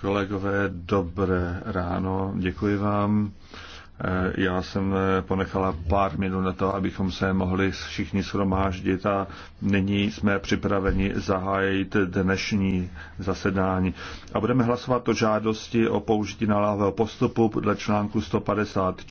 Kolegové, dobré ráno, děkuji vám. E, já jsem e, ponechala pár minut na to, abychom se mohli všichni shromáždit a nyní jsme připraveni zahájit dnešní zasedání. A budeme hlasovat o žádosti o použití naléhavého postupu podle článku 150.